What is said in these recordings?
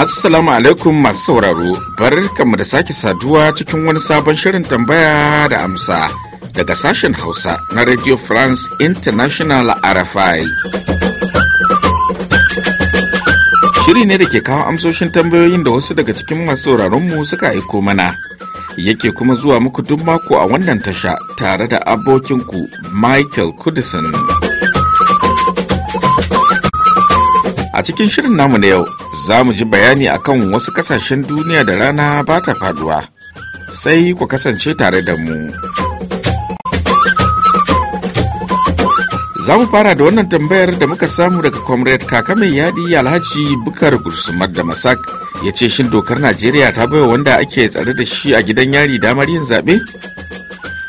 Assalamu alaikum masu sauraro, barkanmu da sake saduwa cikin wani sabon shirin tambaya da amsa daga sashen Hausa na Radio France International RFI. Shiri ne da ke kawo amsoshin tambayoyin da wasu daga cikin masu mu suka aiko mana. Yake kuma zuwa muku duk mako a wannan tasha tare da abokinku Michael Kudison. A cikin shirin namu na yau, za mu ji bayani akan wasu kasashen duniya da rana ba ta faduwa. Sai ku kasance tare da mu. Za mu fara da wannan tambayar da muka samu daga Comrade Kakame Yadi Alhaji Bukar Gursumar da Masak ya ce shin dokar Najeriya ta baiwa wanda ake tsare da shi a gidan yari damar yin zaɓe?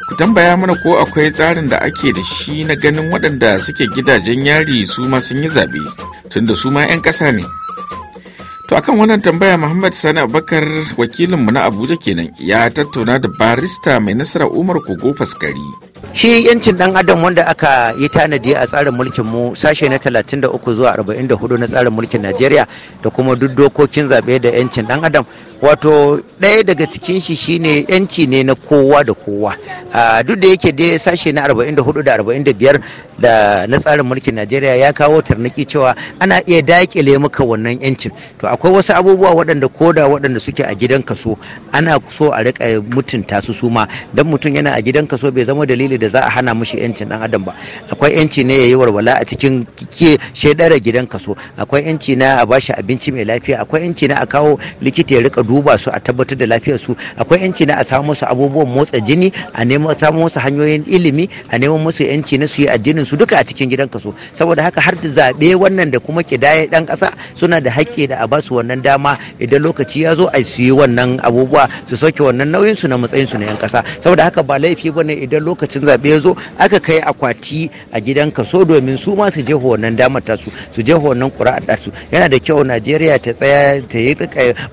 Ku tambaya mana ko akwai tsarin da ake da shi na ganin waɗanda suke gidajen yari su ma sun yi zaɓe tunda su ma 'yan ƙasa ne. To akan wannan tambaya Muhammad Sani Abubakar wakilinmu na Abuja kenan ya tattauna da barista mai nasara Umar Kogo Faskari. shi yancin dan adam wanda aka yi tanadi a tsarin mulkin mu sashe na 33 zuwa 44 na tsarin mulkin Najeriya da kuma duk dokokin zabe da yancin dan adam wato ɗaya daga cikin shi shine yanci ne na kowa da kowa duk da yake dai sashe na 44 da 45 da na tsarin mulkin najeriya ya kawo tarnaki cewa ana iya dakile maka wannan yancin to akwai wasu abubuwa waɗanda koda waɗanda suke a gidan kaso ana so a rika mutunta su suma dan mutum yana a gidan kaso bai zama dalili da za a hana mishi yancin dan adam ba akwai yanci ne yi warwala a cikin ke shaidara gidan kaso akwai yanci na a bashi abinci mai lafiya akwai yanci na a kawo likita ya rika duba su a tabbatar da lafiyar su akwai yanci na a samu musu abubuwan motsa jini a nemo samu musu hanyoyin ilimi a nemo musu yanci na su yi addinin su duka a cikin gidan kaso saboda haka har da zabe wannan da kuma kidaya dan kasa suna da haƙƙi da a ba su wannan dama idan lokaci ya zo a su yi wannan abubuwa su soke wannan nauyin su na matsayin su na yan kasa saboda haka ba laifi bane idan lokacin zabe ya zo aka kai akwati a gidan kaso domin su ma su je wannan damar tasu su je wannan ƙura'ar su yana da kyau Najeriya ta tsaya ta yi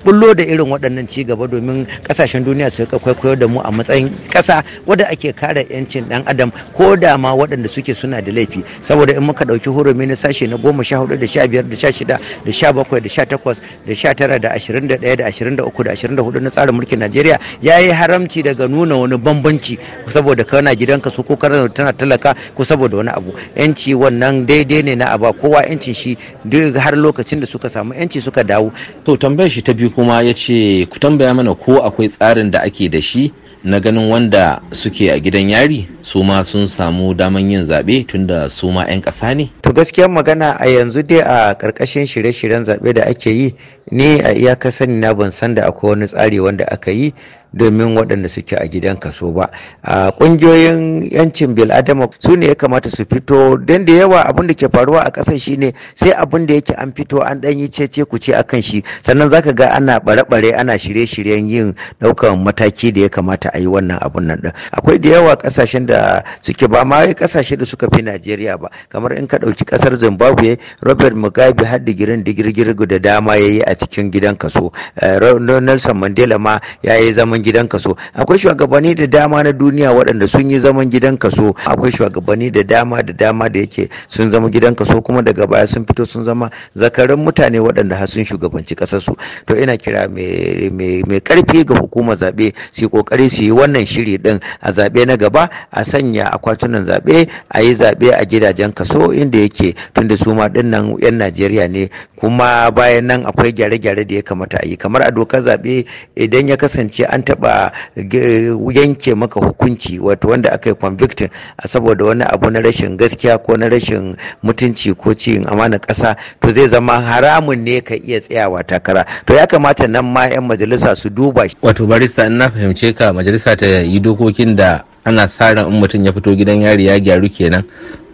bullo da irin waɗannan ci gaba domin ƙasashen duniya su rika kwaikwayo da mu a matsayin ƙasa wadda ake kare 'yancin ɗan adam ko da ma waɗanda suke suna da laifi saboda in muka ɗauki hurumi na sashe na goma sha hudu da sha biyar da sha shida da sha bakwai da sha takwas da sha tara da ashirin da ɗaya da ashirin da uku da ashirin da hudu na tsarin mulkin najeriya ya yi haramci daga nuna wani bambanci saboda kana gidanka su ko kana tana talaka ko saboda wani abu yanci wannan daidai ne na aba kowa yancin shi duk har lokacin da suka samu yanci suka dawo to tambayar shi ta biyu kuma ya ce ce ku tambaya mana ko akwai tsarin da ake da shi na ganin wanda suke a gidan yari su ma sun samu daman yin zaɓe tunda su ma 'yan ƙasa ne to gaskiyar magana a yanzu dai a ƙarƙashin shirye-shiryen zaɓe da ake yi ni a iyaka sani na ban san da akwai wani tsari wanda aka yi domin waɗanda suke a gidan kaso ba a ƙungiyoyin yancin bil'adama su ne ya kamata su fito don da yawa abin da ke faruwa a ƙasar ne, sai abin da yake an fito an ɗan yi cece ku ce akan shi sannan za ka ga ana ɓare-ɓare ana shirye-shiryen yin ɗaukan mataki da ya kamata a yi wannan abun nan ɗin akwai da yawa ƙasashen da suke ba ma ƙasashe da suka fi najeriya ba kamar in ka ɗauki shugabanci kasar zimbabwe robert mugabe har digirin digirgir da dama ya yi a cikin gidan kaso eh, nelson mandela ma ya yi zaman gidan kaso akwai shugabanni da dama na duniya waɗanda sun yi zaman gidan kaso akwai shugabanni da dama da dama da yake sun zama gidan kaso kuma daga baya sun fito sun zama zakarin mutane waɗanda har sun shugabanci kasar su to ina kira mai karfi ga hukumar zaɓe su yi ƙoƙari su yi wannan shiri din a zaɓe na gaba a sanya akwatunan zaɓe a yi zaɓe a gidajen kaso inda yake tunda su ma nan yan Najeriya ne kuma bayan nan akwai gyare-gyare da ya kamata a yi kamar a dokar zaɓe idan ya kasance an taɓa eh, yanke maka hukunci wato wanda aka yi convicting a saboda wani abu na rashin gaskiya ko na rashin mutunci ko cin amana ƙasa to zai zama haramun ne ka iya tsayawa takara to ya kamata nan ma 'yan majalisa su duba wato barista in na fahimce ka majalisa ta yi dokokin da ana sa in mutum ya fito gidan yari ya gyaru kenan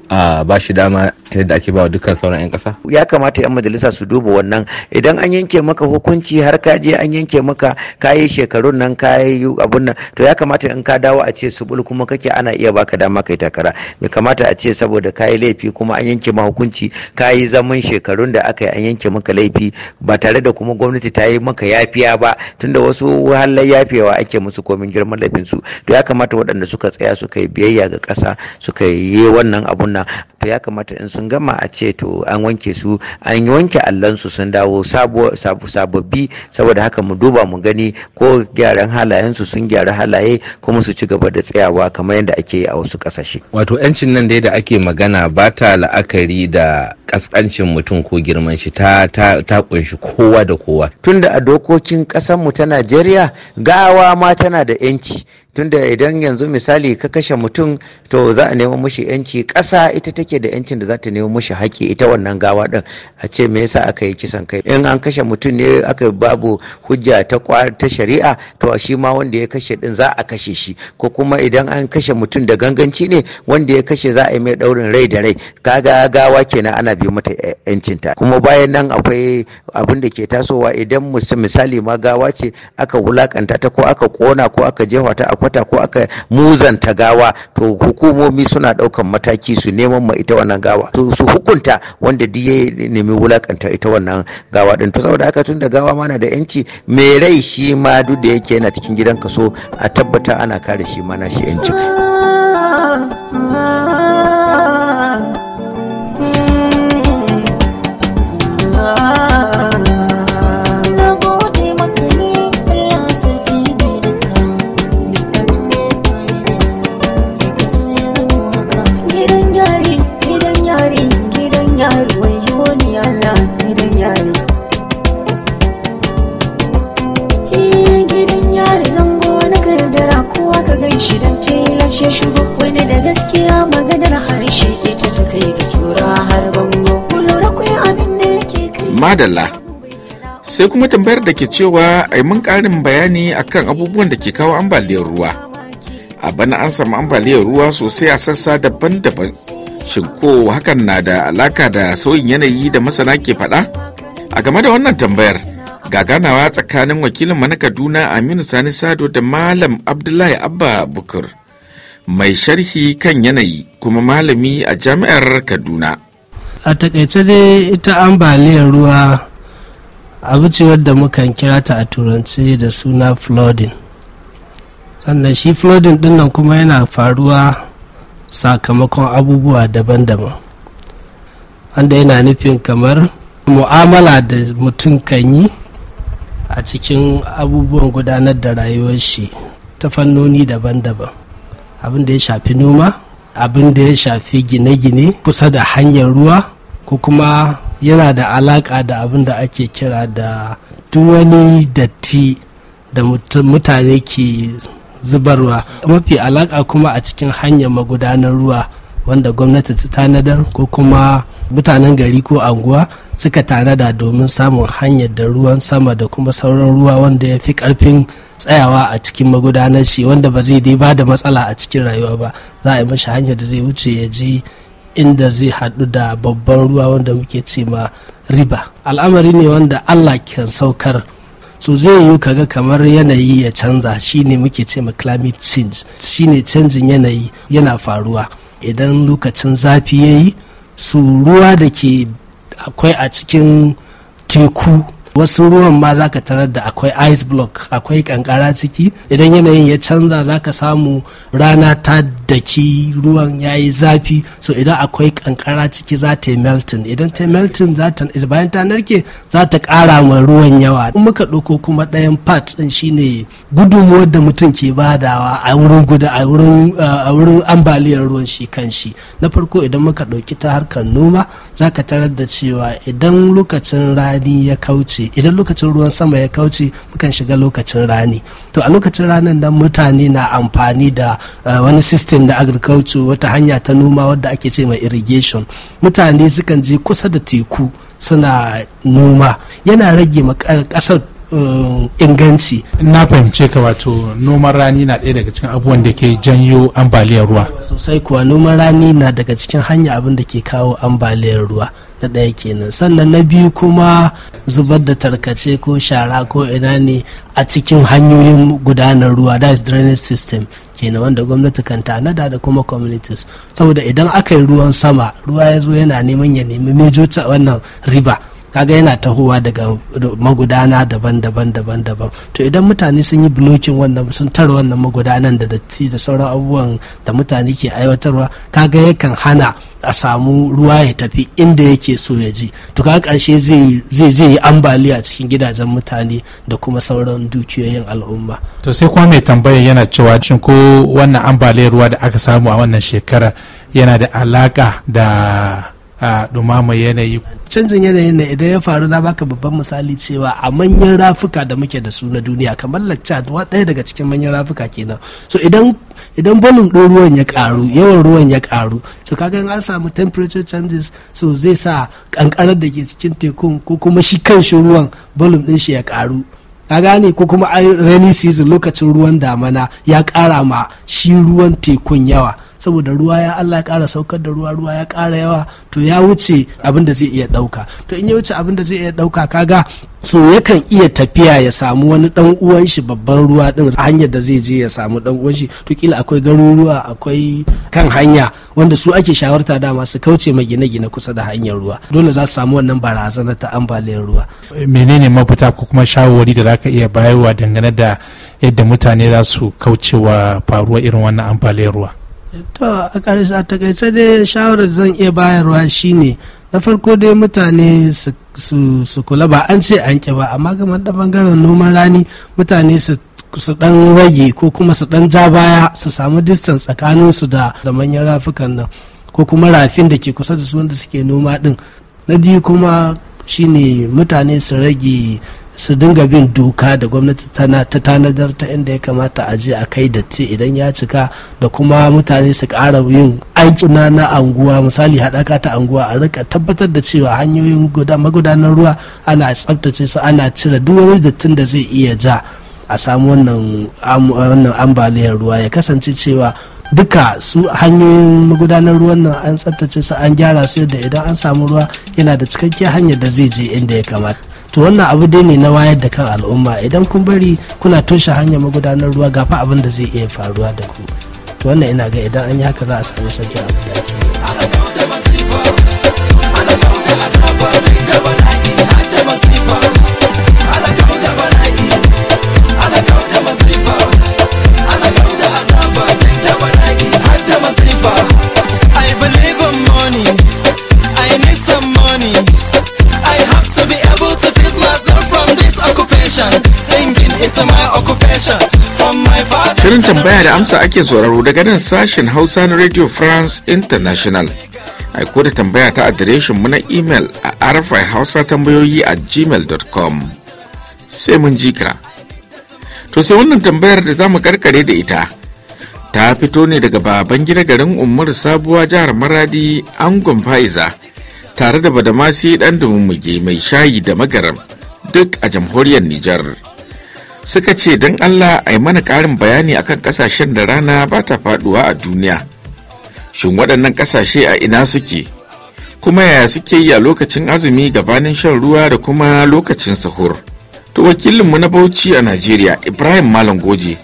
a ba shi dama yadda ake ba dukkan sauran 'yan kasa ya kamata 'yan majalisa su duba wannan idan an yanke maka hukunci har ka je an yanke maka kayi shekarun nan kayi abun nan to ya kamata in ka dawo a ce subul kuma kake ana iya baka dama kai takara bai kamata a ce saboda kayi laifi kuma an yanke ma hukunci kayi zaman shekarun da aka yi an yanke maka laifi ba tare da kuma gwamnati ta yi maka yafiya ba tunda wasu halai yafewa ake musu komin girman laifin to ya kamata waɗanda suka tsaya suka yi biyayya ga ƙasa suka yi wannan abun wannan to ya kamata in sun gama a ce to an wanke su an wanke allansu sun dawo sababbi saboda haka mu duba mu gani ko gyaran halayensu sun gyara halaye kuma su ci gaba da tsayawa kamar yadda ake yi a wasu kasashe wato 'yancin nan dai da ake magana ba ta la'akari da kaskancin mutum ko girman shi ta ta kunshi kowa da kowa tunda a dokokin ƙasar mu ta Najeriya gawa ma tana da yanci tunda idan yanzu misali ka kashe mutum to za a nemo mushi yanci ƙasa ita take da yancin da za ta nemo mushi haƙƙi ita wannan gawa din a ce me yasa aka yi kisan kai in an kashe mutum ne aka babu hujja ta ta shari'a to shi ma wanda ya kashe din za a kashe shi ko kuma idan an kashe mutum da ganganci ne wanda ya kashe za a yi mai ɗaurin rai da rai kaga gawa kenan ana bi mata yancin kuma bayan nan akwai abin da ke tasowa idan misali ma gawa ce aka wulakanta ta ko aka kona ko aka jefa ta akwai kwata ko aka muzanta gawa to hukumomi suna ɗaukan mataki su neman ma ita wannan gawa su hukunta wanda duk ya nemi wulakanta ita wannan gawa din to saboda haka tun da gawa ma na da yanci me rai shi ma duk da yake yana cikin gidan kaso a tabbata ana kare shi ma na shi yancin ah, ah. madalla sai kuma tambayar da ke cewa a mun karin bayani akan abubuwan da ke kawo ambaliyar ruwa a bana an samu ambaliyar ruwa sosai a sassa daban-daban shin ko hakan na da alaka da sauyin yanayi da masana ke faɗa a game da wannan tambayar ga ganawa tsakanin wakilin mana kaduna aminu sani sado da malam abdullahi abba bukur mai sharhi kan yanayi kuma malami a jami'ar kaduna a takaice dai ita ambaliyar ruwa abu ce wadda mukan kira ta a turanci da suna flooding sannan shi flooding dinnan kuma yana faruwa sakamakon abubuwa daban-daban wanda yana nufin kamar mu'amala da mutum kan yi a cikin abubuwan gudanar da rayuwar shi ta fannoni daban-daban abin da ya shafi noma abin da ya shafi gine-gine kusa da hanyar ruwa ko kuma yana da alaka da abin da ake kira da wani datti da mutane ke zubarwa mafi alaka kuma a cikin hanyar magudanar ruwa wanda gwamnati ta tanadar ko kuma mutanen gari ko anguwa suka tanada domin samun hanyar da ruwan sama da kuma sauran ruwa wanda ya fi karfin tsayawa a cikin magudanar shi wanda ba zai dai ba da matsala a cikin rayuwa ba za a yi mashi hanyar da zai wuce ya je inda zai haɗu da babban ruwa wanda muke ce ma riba al'amari ne wanda allah kan saukar so zai yiwu kaga kamar yanayi ya canza shine muke ce ma climate change shine canjin yanayi yana faruwa idan lokacin zafi ya yi su ruwa da ke akwai a cikin teku wasu ruwan ma zaka tarar da akwai ice block akwai kankara ciki idan yanayin ya canza zaka samu rana ta daki ruwan ya yi zafi so idan akwai kankara ciki za ta yi melting idan ta melting za ta bayan ta narke za ta kara ma ruwan yawa in muka ɗauko kuma ɗayan part ɗin shine gudunmuwar da mutum ke badawa a wurin guda a wurin a wurin ambaliyar ruwan shi kan shi na farko idan muka ɗauki ta harkar noma za ka tarar da cewa idan lokacin rani ya kauce idan lokacin ruwan sama ya kauce mukan shiga lokacin rani to a lokacin ranar nan mutane na amfani da eh, wani system na agriculture wata hanya ta noma wadda ake ce mai irrigation mutane sukan je kusa da teku suna noma yana rage ƙasar Uh, inganci. Na fahimce ka wato noman rani na ɗaya daga cikin abubuwan da ke janyo ambaliyar ruwa. Sosai kuwa noman rani na daga cikin hanya abin da ke kawo ambaliyar ruwa. na ɗaya kenan sannan na biyu kuma zubar da tarkace ko shara ko ina ne a cikin hanyoyin gudanar ruwa that drainage system kenan wanda gwamnati kan tanada da kuma communities saboda idan aka yi ruwan sama ruwa ya zo yana neman ya nemi mejoci wannan riba kaga yana tahowa daga magudana daban-daban daban-daban to idan mutane sun yi blocking wannan sun tara wannan magudanan da datti da sauran abubuwan da mutane ke aiwatarwa kaga yakan hana a samu ruwa ya tafi inda yake so ya ji to kaga karshe zai zai yi ambaliya cikin gidajen mutane da kuma sauran dukiyoyin al'umma to sai kuma mai tambaya yana cewa shin ko wannan ambaliyar ruwa da aka samu a wannan shekara yana da alaka da a dumama yanayi canjin yanayi ne idan ya faru na baka babban misali cewa a manyan rafuka da muke da su na duniya kamar lakcad ɗaya daga cikin manyan rafuka kenan so idan idan bolin ɗin ruwan ya ƙaru yawan ruwan ya ƙaru so kaga an samu temperature changes so zai sa ƙanƙarar da ke cikin tekun ko kuma shi kan shi ruwan bolin ɗin shi ya ƙaru ka gane ko kuma rainy season lokacin ruwan damana ya ƙara ma shi ruwan tekun yawa saboda ruwa ya Allah ya ƙara saukar da ruwa ruwa ya ƙara yawa to ya wuce abin da zai iya ɗauka to in ya wuce abin da zai iya ɗauka kaga so yakan iya tafiya ya samu wani dan uwan shi babban ruwa din a hanyar da zai je ya samu dan uwan shi to kila akwai garuruwa akwai kan hanya wanda su ake shawarta da masu kauce ma gine-gine kusa da hanyar ruwa dole za su samu wannan barazana ta ambaliyar ruwa menene mafita ko kuma shawarwari da zaka iya bayarwa dangane da yadda mutane za su kauce wa faruwa irin wannan ambaliyar ruwa to a ƙarshe a takaice dai shawarar zan iya bayarwa shine na farko dai mutane su kula ba an ce an ba amma kamar da bangaren noman rani mutane su su dan rage ko kuma su dan ja baya su samu distance tsakaninsu da manyan rafukan nan ko kuma rafin da ke kusa da su wanda suke noma din na biyu kuma shine mutane su rage su dinga bin doka da gwamnati ta tanadar ta inda ya kamata a je a kai datti idan ya cika da kuma mutane su ƙara yin aikina na anguwa misali haɗaka ta anguwa a rika tabbatar da cewa hanyoyin magudanar ruwa ana tsabtace su ana cire duk wani dattin da zai iya ja a samu wannan ambaliyar ruwa ya kasance cewa duka su hanyoyin magudanar ruwan nan an tsabtace su an gyara su yadda idan an samu ruwa yana da cikakkiyar hanyar da zai je inda ya kamata to wannan abu dai ne na wayar da kan al'umma idan kun bari kuna toshe hanyar magudanar ruwa gafa abin da zai iya faruwa da ku to wannan ina ga idan an yi haka za a samu sauki abu da ake Shirin tambaya da amsa ake sauraro daga nan sashen Hausa na Radio France International. Aiko da tambaya ta adireshin mu na imel a arafai hausa tambayoyi a gmail.com. Sai mun jika. To sai wannan tambayar da za mu karkare da ita. Ta fito ne daga baban gida garin Umar Sabuwa jihar Maradi Angon Faiza tare da Badamasi dan dumin mai shayi da magaram duk a jamhuriyar Nijar. suka ce don allah a yi mana ƙarin bayani akan ƙasashen da rana ba ta faɗuwa a duniya shin waɗannan ƙasashe a ina suke kuma yaya suke yi a lokacin azumi gabanin shan ruwa da kuma lokacin sahur to wakilinmu na bauchi a najeriya ibrahim malam goje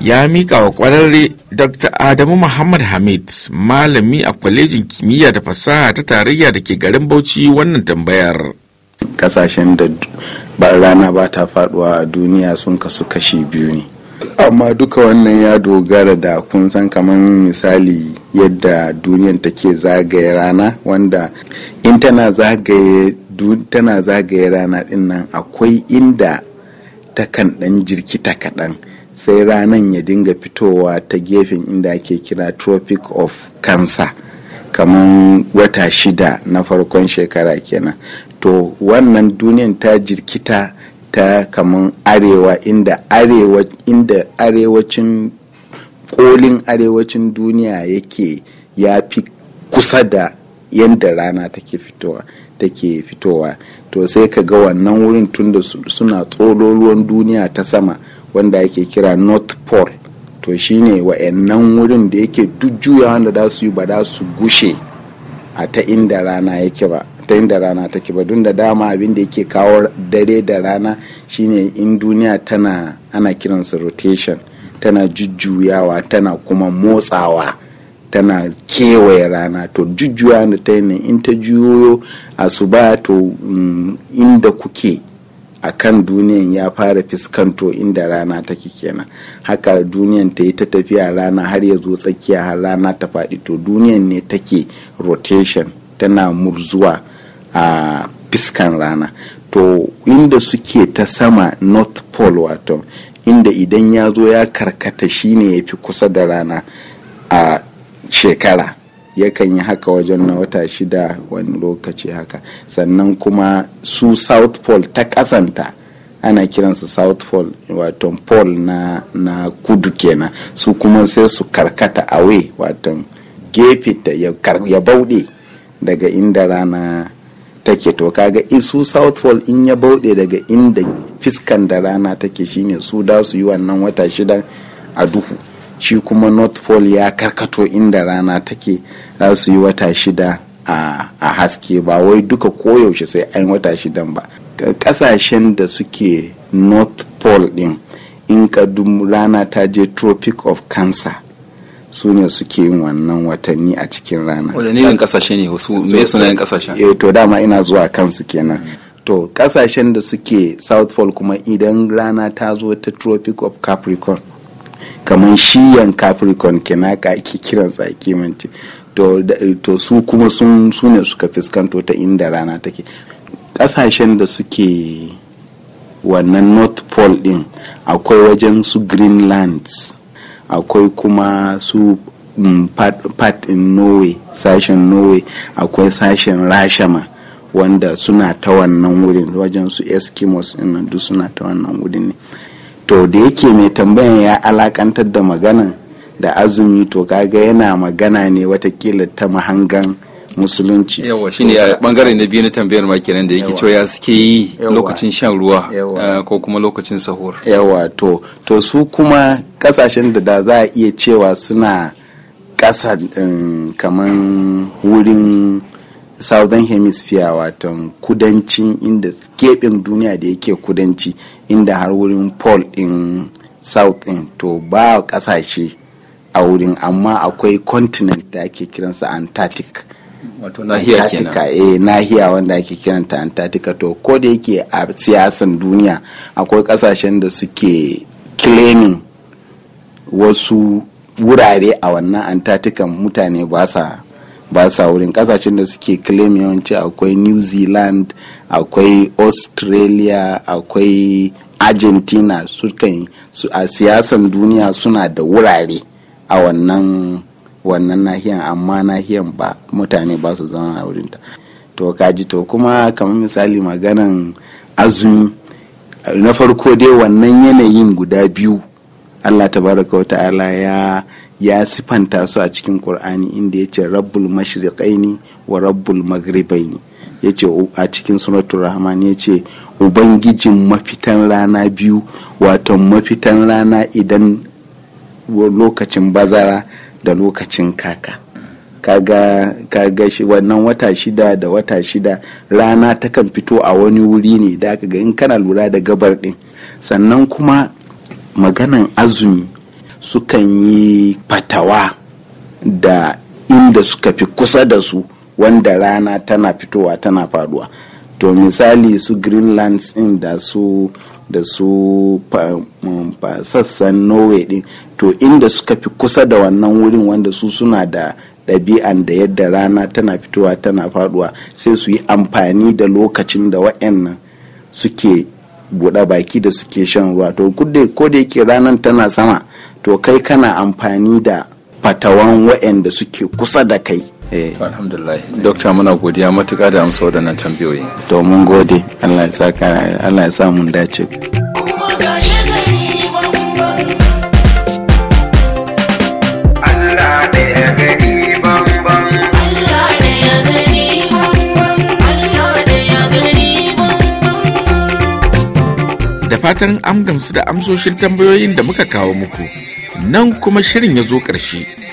ya miƙa wa ƙwararre, dr adamu muhammad hamid malami a kwalejin kimiyya da fasaha ta tarayya da ke garin bauchi wannan tambayar kasashen da ba rana ba ta faduwa a duniya sun kasu kashi biyu ne amma duka wannan ya dogara da kun san kamar misali yadda duniyan take zagaye rana wanda in tana zagaye tana zagaye rana din nan akwai inda takan dan jirkita kaɗan sai ranan ya dinga fitowa ta gefen inda ake kira tropic of cancer kamar wata shida na farkon shekara kenan to wannan duniyan ta jirkita ta kaman arewa inda arewa inda arewacin kolin arewacin duniya yake ya fi kusa da yadda rana take fitowa take fitowa to sai ka ga wannan wurin tunda suna tsololuwan duniya ta sama wanda ake kira north pole to shine wa'annan wurin da yake duk juyawa da za su yi ba za su gushe a ta inda rana yake ba ta da rana take ba don da dama abin da yake kawo dare da rana shine in duniya tana ana kiransa rotation tana jujjuyawa tana kuma motsawa tana kewaye rana to jujjuya da ta yi in ta juyo a su ba to mm, inda kuke a kan duniyan ya fara fiskanto inda rana take kenan haka duniyan ta yi ta tafiya rana har ya zo tsakiya har rana ta faɗi to duniyan ne take rotation tana murzuwa a fiskan rana to inda suke ta sama north pole wato inda idan ya zo ya karkata shine ya fi kusa da rana a shekara yakan yi haka wajen na wata shida wani lokaci haka sannan kuma su south pole ta kasanta ana kiransu south pole wato pole na, na kudu kenan su kuma sai su karkata away wato gefe ya, ya bauɗe daga inda rana take to kaga su south pole in ya bauɗe daga inda fiskan da rana take shine su da su yi wannan wata shida a duhu shi kuma north pole ya karkato inda rana take za su yi wata shida a haske ba wai duka koyaushe sai an wata shidan ba kasashen da suke north pole din in ka rana ta je tropic of cancer su ne suke yin wannan watanni a cikin rana wadannan kasashe ne su me yin kasashe eh to dama ina zuwa kansu kenan hmm. to kasashen da suke south pole kuma idan rana ta zo ta tropic of capricorn kamar shiyan capricorn kenan ka ake kiransa a kimanci to, su kuma sun su ne suka fuskanto ta inda rana take kasashen da suke wannan north pole din akwai wajen su greenlands akwai kuma su mm, part, in norway sashen norway akwai sashen rashama wanda suna ta wannan wurin wajen su eskimos ɗin duk suna ta wannan wurin ne to da yake mai tambayan ya alakantar da maganan da azumi to kaga yana magana ne watakila ta mahangan musulunci yawa shine bangare na biyu na tambayar ma kenan da yake cewa ya suke yi lokacin shan ruwa eh, ko kuma lokacin sahur yawa to to su kuma kasashen da da za a iya cewa suna kasa um, kaman wurin southern hemisphere wato kudancin inda keɓin duniya da yake kudanci inda har wurin pole in south din to ba kasashe a wurin amma akwai continent da ake kiransa antarctic wato nahiya eh nahiya wanda ake kiranta antarctica to ko da yake a siyasan duniya akwai kasashen da suke claiming wasu wurare a wannan antarctica mutane ba sa ba sa wurin kasashen da suke claim yawanci akwai new zealand akwai australia akwai argentina su a siyasan duniya suna da wurare a wannan wannan nahiyan amma nahiyan ba mutane ba su zama a wurinta to kaji to kuma kamar misali maganan azumi na farko dai wannan yanayin guda biyu allah tabaraka wa ta'ala ya ya sifanta su a cikin qur'ani inda ya ce rabbul mashriqaini wa rabbul magribaini ya ce a cikin suratul rahman ya ce ubangijin mafitan rana biyu wato mafitan rana idan lokacin bazara da lokacin kaka kaga kaga shi wannan wata shida da wata shida rana takan fito a wani wuri ne da aka ga in kana lura da gabar ɗin sannan kuma maganan azumi sukan yi fatawa da inda suka fi kusa da su wanda rana tana fitowa tana faduwa to misali su greenlands in da su da su mm, sassan norway din to inda suka fi kusa da wannan wurin wanda su suna da ɗabi'an da yadda rana tana fitowa tana faduwa sai su yi amfani da lokacin da wa'annan suke buɗe baki da suke shan ruwa to ko da yake ranar tana sama to kai kana amfani da fatawan wa'anda suke kusa da kai Eh. dokta muna godiya matuƙa da amsa waɗannan tambayoyi domin gode allah ya sa mun dace fatan an gamsu da amsoshin tambayoyin da muka kawo muku nan kuma shirin ya zo ƙarshe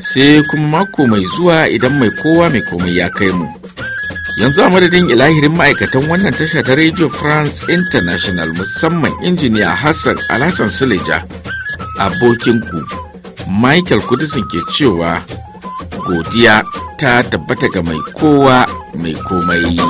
sai kuma mako mai zuwa idan mai kowa mai komai ya kai mu. Yanzu a madadin ilahirin ma'aikatan wannan tasha ta Radio France International musamman injiniya Hassan Alhassan Suleja abokinku Michael Kudisin ke cewa godiya ta tabbata ga mai kowa mai komai.